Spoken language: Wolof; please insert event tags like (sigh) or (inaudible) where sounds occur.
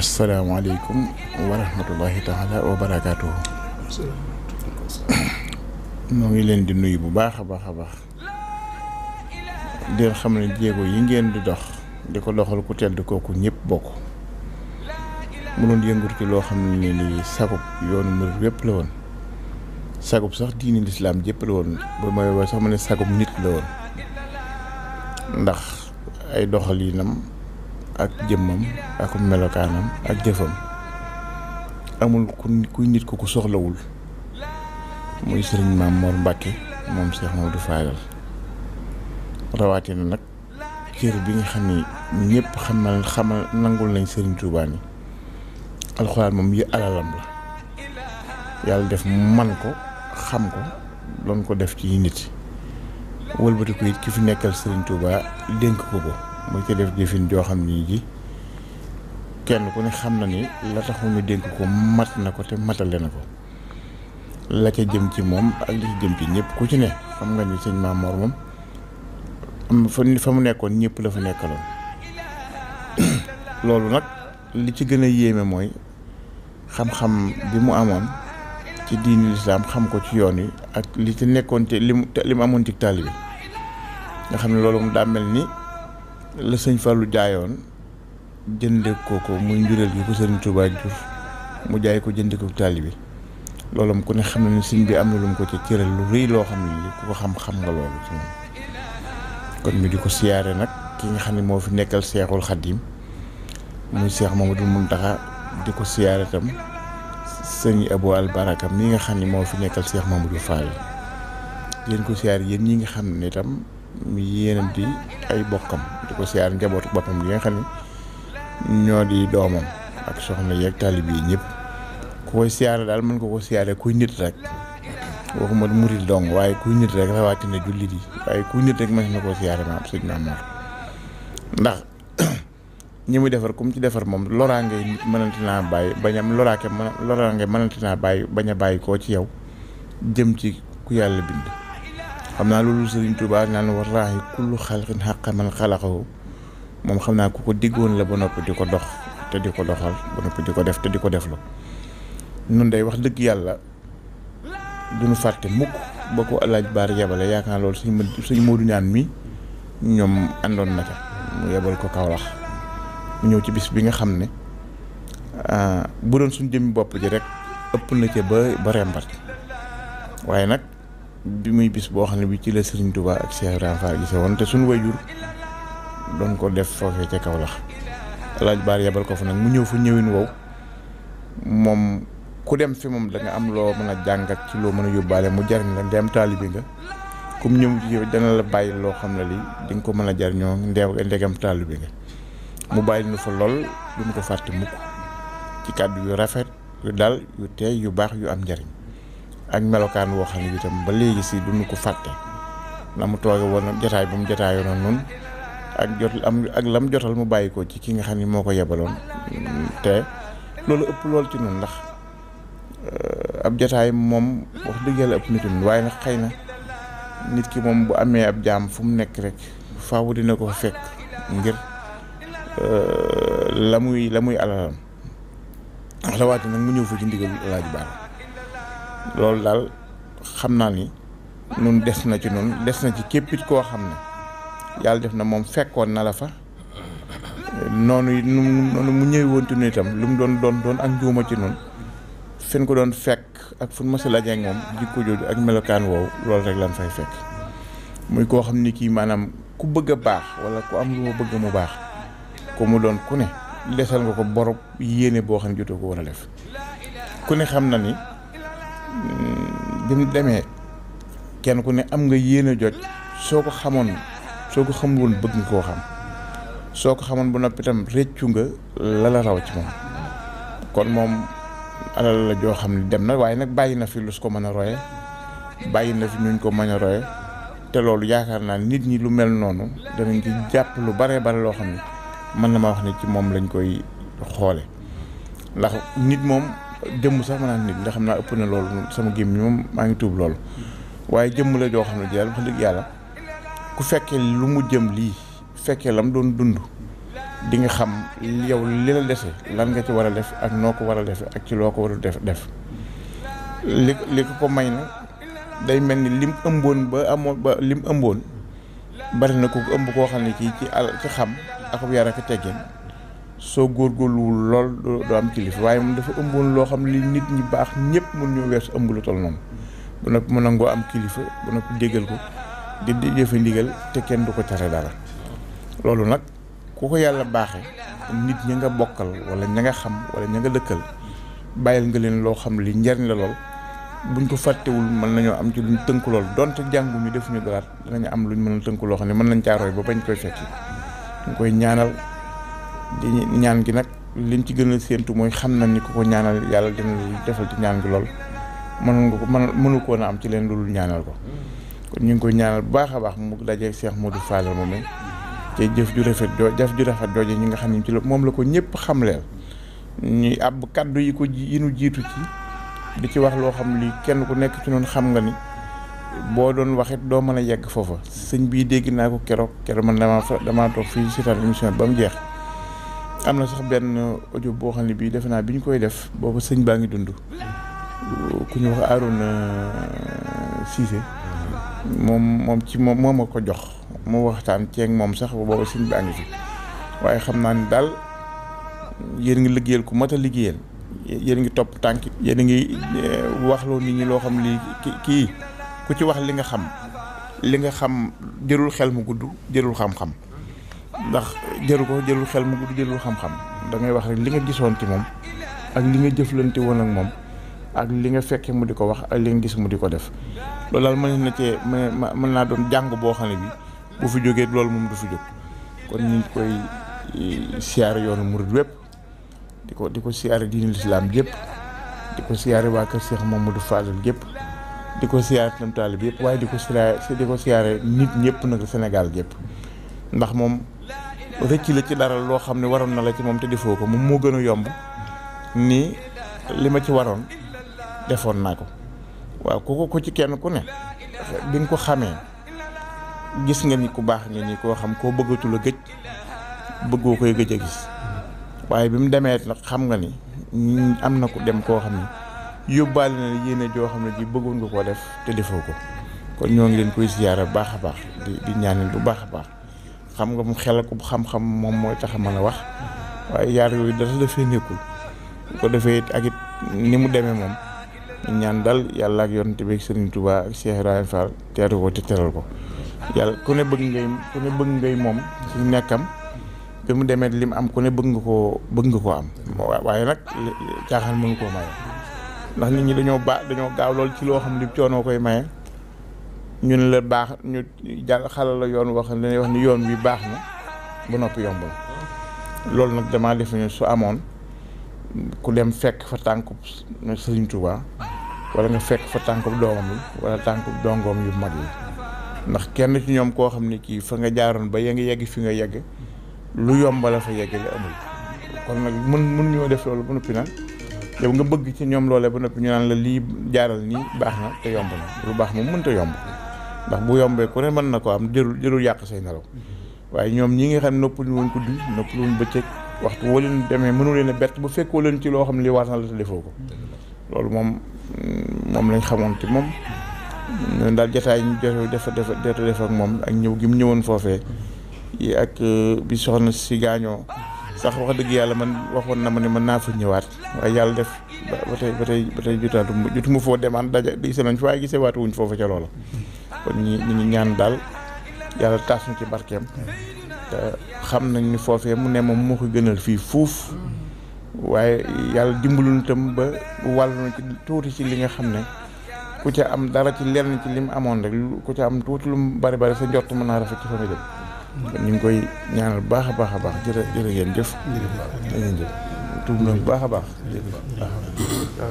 asalaamaaleykum wa rahmatullahi taala wa barakaatuhu moo ngi leen di nuyu bu baax a baax a baax xam ne jéego yi ngeen di dox di ko doxal ku tedd kooku ñépp bokk mu doon yëngatu ki loo xam ne ni sagub yoonu mbir yépp la woon sagub sax diini lislaam jëpp la woon ba mooy sax ma ne sagub nit la woon ndax ay doxalinam ak jëmmam ak melokaanam ak jëfam amul ku kuy nit ko ku soxlawul muy sëriñ maam Mor Mbàkke moom Cheikh Mamadou Fadal rawatina nag cër bi nga xam ni ñëpp xamal xamal nangul nañ sëriñ Tuubaa ni alxuraan moom yi alalam la yàlla def man ko xam ko doon ko def ci nit wëlbati ko it ki fi nekkal sëriñ Tuubaa dénk ko ko mu ci def jëfin joo xam ni ji kenn ku ne xam na ni la taxu ñu dénk ko mat na ko te matale na ko la ca jëm ci moom ak li ci jëm ci ñëpp ku ci ne xam nga ni sëñ Maam Mor moom fa fa mu nekkoon ñëpp la fa nekkaloon (clears throat) loolu nag li ci gën a yéeme mooy xam-xam bi mu amoon ci diini lislaam xam ko ci yoon yi ak li ci nekkoon te li mu amoon ci taalibe nga xam ne loolu mu daa mel ni la sëñ lu jaayoon jënde ko ko muy njureel gi ko sëriñ Touba jur mu jaay ko jënd ko taalibe loolam ku ne xam na ne sëñ bi am na lu mu ko ci cëral lu rëy loo xam ne ni ko xam-xam nga loolu kon ñu di ko siyaare nag ki nga xam ne moo fi nekkal seexul xaddim muy seex Mamadou Muntaxa di ko siyaare tam sëñ Abou Albaraka mi nga xam ne moo fi nekkal seex Mamadou Fall leen ko siyaare yéen ñi nga xam ne itam mi yéenanti ay bokkam di ko siyaar njabootu boppam gi nga xam ne ñoo di doomam ak soxna yeeg taalib yi ñëpp ku koy siyaare daal mën ko ko siyaare kuy nit rek waxuma murit dong waaye kuy nit rek rawatina jullit yi waaye kuy nit rek mën na koo siyaare maam ndax ñi muy defar ku mu ci defar moom loraange nit naa bàyyi bañ a loraake mën loraange mënante naa bàyyi bañ a bàyyi koo ci yow jëm ci ku yàlla bind xam naa loolu Sëriñ war naan waraahi kullu xalqin xaqaman xalaqahu moom xam naa ku ko diggoon la ba noppi di ko dox te di ko doxal ba noppi di ko def te di ko deflu nun day wax dëgg yàlla duñu fàtte mukk ba ko alaaj baar yebale yaakaar loolu suñ ma sëñ Moodu ñaan mi ñoom àndoon na ca mu yebal ko Kawlax mu ñëw ci bis bi nga xam ne ah, bu doon suñ jëmmi bopp ji rek ëpp na ca ba ba rembat waaye nag bi muy bis boo xam ne bi ci la Serigne Touba ak Cheikh Ibrahima Fall gise woon te suñu wayjur doon ko def foofee ca Kaolack laaj baar yebal ko fa nag mu ñëw fa ñëwin wow moom ku dem fi moom da nga am loo mën a ak ci loo mën a yóbbaale mu jariñ la ndeem taalibi nga comme ñëw ci yow dana la bàyyi loo xam ne lii di nga ko mën a jariñoo ndeem ndegam taalibi nga mu bàyyi nu fa lool mu ko fàtte mukk ci kàddu yu rafet yu dal yu teey yu baax yu am njariñ ak melokaan woo xam ne itam ba léegi si duñu ko fàtte na mu tooge woon jotaay bu mu jotaayoonoon noonu ak jot am ak lam jotal mu bàyyi ko ci ki nga xam ne moo ko yebaloon te loolu ëpp lool ci noonu ndax euh, ab jotaay moom wax dëgg yàlla ëpp nit ñi waaye nag xëy na nit ki moom bu amee ab jaam fu mu nekk rek faaw dina ko fa fekk ngir euh, la muy la muy alalam wax la waate nag mu ñëw fa ci ndigal laaj baax loolu daal xam naa ni nun des na ci nun des na ci képpit koo xam ne yàlla def na moom fekkoon na la fa noonu noonu mu ñëwee woon ci itam lu mu doon doon doon ak njuuma ci nun fen ko doon fekk ak fu mu mës a lajee ak moom jikko jooju ak melokaan woowu loolu rek lan fay fekk muy koo xam ni kii maanaam ku bëgg a baax wala ku am lu ma bëgg mu baax ko mu doon ku ne desal nga ko borob yéene boo xam ne jotoo ko war a def ku ne xam na ni bi mu demee kenn ku ne am nga yéene jot soo ko xamoon soo ko xamul woon bëgg nga koo xam soo ko xamoon ba noppi itam réccu nga la la raw ci moom kon moom alal la joo xam ne dem na waaye nag bàyyi na fi lu su ko mën a roye bàyyi na fi ñuñ ko mën a roye te loolu yaakaar naa nit ñi lu mel noonu danañ ci jàpp lu bare bare loo xam ne mën na ma wax ne ci moom lañ koy xoole ndax nit moom jëmm sax ma naan nit ndax xam naa ëpp na loolu sama gémmiñ moom maa ngi tuub loolu waaye jëmm la joo xam ne jël wax dëgg yàlla ku fekkee lu mu jëm lii fekkee lam doon dund di nga xam yow li la dese lan nga ci war a def ak noo ko war a def ak ci loo ko war a def def li li ko ko may na day mel ni lim ëmboon ba amoon ba lim ëmboon bari na ko ëmb koo xam ne kii ci al ci xam ak yar ak teggin soo góor góorgóorluwul lool doo am kilifa waaye moom dafa ëmboon loo xam li nit ñi baax ñëpp mun ñu weesu ëmb lu toll noonu bu nag mu nangoo am kilifa bu nag déggal ko di di jëfe te kenn du ko tere dara loolu nag ku ko yàlla baaxee nit ñi nga bokkal wala ña nga xam wala ña nga dëkkal bàyyil nga leen loo xam li njariñ la lool buñ ko fàttewul mën nañoo am ci luñ tënk lool donte jàngu ñu defuñu dalaat danañu am luñ mën a tënk loo xam ne mën nañ caaroy ba bañ koy fekki di ñaan gi nag liñ ci gën a séentu mooy xam na ni ko ko ñaanal yàlla dina defal ci ñaan gi lool mënoon nga ko mën mënu koon a am ci leen dul ñaanal ko kon ñu ngi koy ñaanal bu baax a baax mu dajeeg Cheikh Modou Fallal moom te jëf ju rafet joo jëf ju rafet jooju ñi nga xam ne ci moom la ko ñëpp xam leen ñuy àbb kaddu yi ko yi jiitu ci di ci wax loo xam li kenn ku nekk ci noonu xam nga ni boo doon waxit doo mën a yegg foofa sëñ bii dégg naa ko keroo keroog man damaa fa damaa toog fii seetaan émission ba mu jeex amna na sax ben audio bo xamni bi defena biñ koy def bobu sëñ baa dundu ku ñu wax arun euh, cisé mom mom ci mom moo ko jox mu waxtaan ak mom sax bobu sëñ baa ci waye waaye xam naa ne daal yéen ngi liggeel ku mata liggeel yeen yéen ngi topp tànk yéen ngi euh, waxloo nit ñi lo xam li ki ku ci wax li nga xam li nga xam jërul xel mu guddu jërul xam-xam ndax jëru ko jëlul xel mu gudd jëlul xam-xam da ngay wax rek li nga gisoon ci moom ak li nga jëflante woon ak moom ak li nga fekke mu di ko wax ak li nga gis mu di ko def loolu daal mën na cee mën naa doon jàng boo xam ne bi bu fi jógee loolu moom du fi jóg kon ñu koy siyaar yoonu murid wépp di ko di ko siyaare diinul islam yëpp di ko siyaare waa kër Cheikh Mamadou Fadel yépp di ko siyaare tam talib yépp waaye di ko siyaare di ko siyaare nit ñëpp nag Sénégal yépp ndax moom rëcc la ci dara loo xam ne waroon na la ci moom te defoo ko moom moo gën a yomb ni li ma ci waroon defoon naa ko waaw ku ko ci kenn ku ne bi nga ko xamee gis nga ni ku baax nga ni koo xam koo bëggatula la gëj bëggoo koy gëj a gis waaye bi mu demee nag xam nga ni am na ku dem koo xam ne yóbbaale na yéene joo xam ne ji bëggoon nga koo def te defoo ko kon ñoo ngi leen koy siyaara baax a baax di di bu baax a baax xam nga mu xel ko xam-xam moom mooy tax a mën wax waaye yaar yooyu dara dafay nekkul ko defee it ak it ni mu demee moom ñaan dal yàlla ak yoon bi ak Serigne Touba ak Cheikh Ibrahima Fall teeru ko te teral ko yàlla ku bëgg ngay ku ne bëgg ngay moom ci nekkam bi mu demee li mu am ku ne bëgg nga koo bëgg nga koo am waaye nag caaxaan mënu koo maye ndax nit ñi dañoo ba dañoo gaaw loolu ci loo xam ne coono koy maye. ñun la bax ñu jàll xala la yoon wax la wax ni yoon wi bax na bu noppi yomb lool nak dama def ñu su amone ku dem fekk fa tànku serigne touba wala nga fekk fa tànku doom yi wala tànku dongom yu mag yi ndax kenn ci ñom ko xamni ki fa nga jaaroon ba ya nga yegg fi nga yegg lu yomb la fa yegg la amul kon nak mën mën ñu def lool bu noppi nag yow nga bëgg ci ñom loolé bu noppi ñu naan la li jaaral ni baax na te yomb na lu mu mën ta yomb ndax bu yombee ku ne mën na ko am jërul jërul yàq say nelaw waaye ñoom ñi nga xam ne noppalu woon guddi noppalu woon bëccëg waxtu woo leen demee mënu leen a bett bu fekkoo leen ci loo xam ne li war na la te loolu moom mm, moom lañ xamoon ci moom ñun mm, daal jotaay ñu defa defa def ak moom ak ñëw gi mu ñëwoon foofee yi ak euh, bi soxna si gaañoo sax wax dëgg yàlla man waxoon na ma ne mën naa fa ñëwaat waaye yàlla def ba tey ba tey ba tey jotaatu jotuma foo demaan daja di se nañ waaye gise waatuwuñ foofu ca loola kon ñi ñu ñaan daal yàlla taas ñu ci barkeem xam nañ ni foofee mu ne moom moo ko gënal fii fuuf waaye yàlla dimbaluñu tam ba wàllu ci tuuti ci li nga xam ne ku ca am dara ci lenn ci li mu amoon rek ku ca am tuuti lu mu bari bari sa njort mën naa rafet ci fa nga jëm kon ñu ngi koy ñaanal baax a baax a baax jërë jërë ngeen jëf jërë ngeen jëf baax a baax